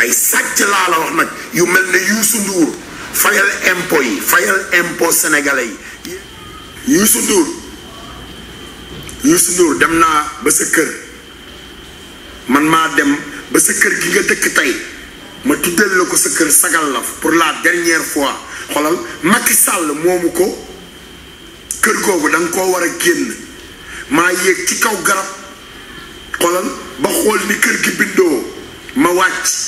ay sàcc laa la wax nag yu mel ne Youssou Ndour fayal impôt yi fayal impôt sénégalais yi Youssou Ndour Youssou Ndour dem naa ba sa kër man maa dem ba sa kër gi nga dëkk tey ma tuddal la ko sa kër sagal la pour la dernière fois xolal Macky Sall moomu ko kër googu danga nga koo war a génn maa yéeg ci kaw garab xolal ba xool ni kër gi bindoo ma wàcc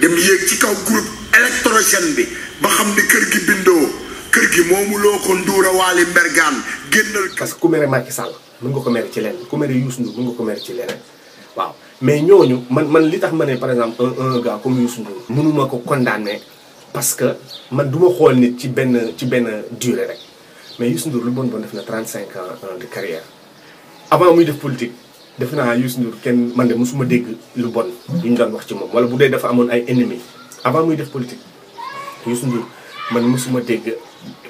dem yéeg ci kaw groupe électrogène bi ba xam ni kër gi bindoo kër gi moomu loo ko nduura waali mbergaan génnal. parce que ku mere Macky Sall mën nga ko mere ci leneen ku mere Youssou Ndour mën nga ko mere ci leneen waaw mais ñooñu man man li tax ma ne par exemple un un gars comme Youssou Ndour. mënuma ko condamner parce que man du ma xool nit ci benn ci benn durée rek mais Youssou Ndour lu bon bon def na 35 ans de carrière avant muy def politique. defe naa Youssou Ndour kenn man de mosuma dégg lu bon lu ñu daan wax ci moom wala bu dee dafa amoon ay ennemis avant muy def politique Youssou Ndour man mosuma dégg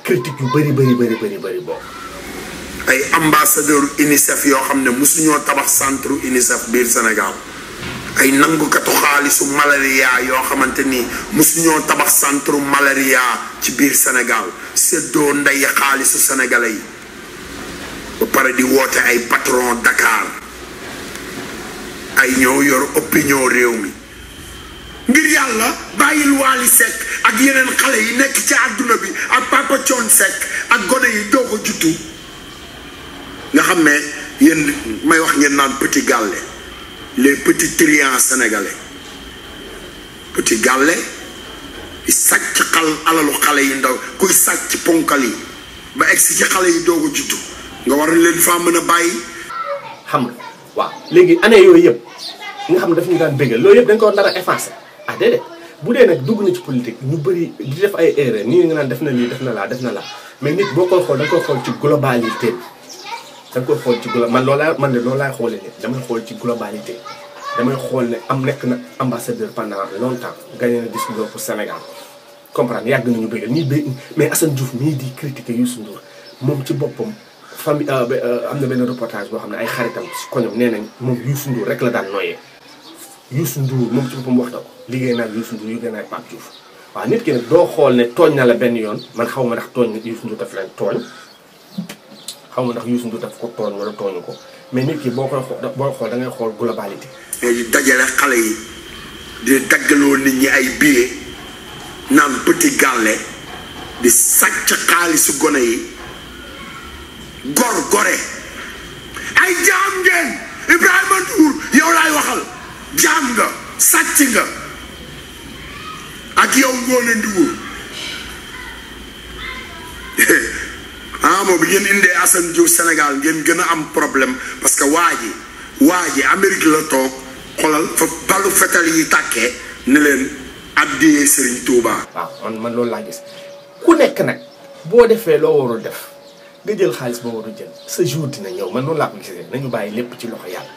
critique yu bari bëri bëri bëri bëri boobu ay ambassadeur UNICEF yoo xam ne mosuñoo tabax centre UNICEF biir Sénégal ay nangukatu xaalisu malaria yoo xamante ni mosuñoo tabax centre malaria ci biir Sénégal séddoo ndey xaalisu sénégalais yi pare di woote ay patron Dakar ay ñoo yor opinion réew mi ngir yàlla bàyyil Waly Seck ak yeneen xale yi nekk ci àdduna bi ak Papa Thione Seck ak gone yi doo ko juddu nga xam ne yéen may wax ngeen naan petit gàlle les petits triants sénégalais petit gàlle sàcc xal alalu xale yi ndaw kuy sàcc ponkal yi ba egsi ci xale yi doo ko juddu nga war leen faa mën a bàyyi xam waaw léegi année yooyu yëpp nga xam ne daf ñu daan bégal loolu yëpp dañ ko nar a effacé ah déedéet bu dee nag dugg na ci politique ñu bëri di def ay erreur nii nga naan def na lii def na laa def na laa mais nit boo koy xool da nga koy xool ci globalité bi da nga koy xool ci glo man loolaa man de loolaay xoolee nit xool ci globalité damay xool ne am nekk na ambassadeur pendant longtemps gagné na disque d'or pour Sénégal comprendre yàgg nañu bëggal nii ba mais Assane Diouf mii di critiquer Youssou Ndour moom ci boppam famille euh, euh, am na benn reportage boo xam ne ay xaritam si koñom nee nañ moom Youssou Ndour rek la daal nooyee Youssou Ndour moom ci boppam wax na ko liggéey naa Youssou Ndour liggéey naa Pape Diouf waaw ki nag doo xool ne tooñ na la benn yoon man xaw ma ndax tooñ Youssou Ndour daf leen tooñ xaw ma ndax Youssou Ndour daf ko tooñ wala tooñu ko mais nit ki boo koy xool boo xool da ngay xool globalité. mais di dajale xale yi di daggaloo nit ñi ay billets naan petit gàlle di sàcc xaalisu gone yi. gor gore ay jaam ngeen Ibrahima Ndour yow laay waxal jaam nga sàcc nga ak yow Ngoné Ndour ah moom bi ngeen indee Assane Diouf Sénégal ngeen gën a am problème parce que waa ji waa la toog xolal fa balu fetal yi tàkkee ne leen addiyee Serigne Touba. waaw ah, man man loolu laa gis ku nekk nag boo defee loo warul def. nga jël xaalis boo war a jël sa jour dina ñëw man noonu laa ko gisee nañu bàyyi lépp ci loxo yàlla.